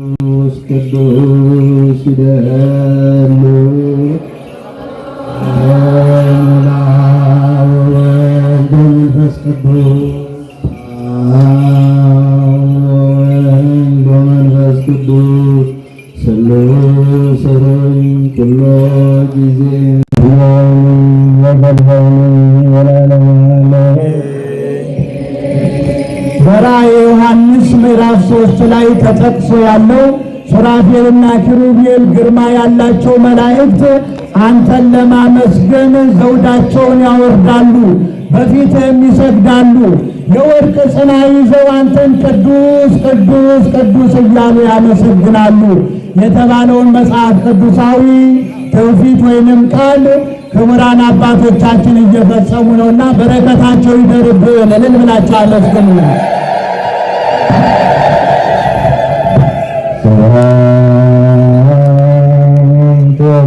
ቅዱስ ቅዱስ ይደሉ ወወልድ ወመንፈስ ቅዱስ ወወልድ በራእየ ዮሐንስ ምዕራፍ ሶስት ላይ ተጠቅሶ ያለው ሱራፌልና ኪሩቤል ግርማ ያላቸው መላእክት አንተን ለማመስገን ዘውዳቸውን ያወርዳሉ፣ በፊትህም ይሰግዳሉ። የወርቅ ጽና ይዘው አንተን ቅዱስ ቅዱስ ቅዱስ እያሉ ያመሰግናሉ የተባለውን መጽሐፍ ቅዱሳዊ ትውፊት ወይንም ቃል ክቡራን አባቶቻችን እየፈጸሙ ነውና በረከታቸው ይደርብን። እልል ብላቸው አመስግኑ።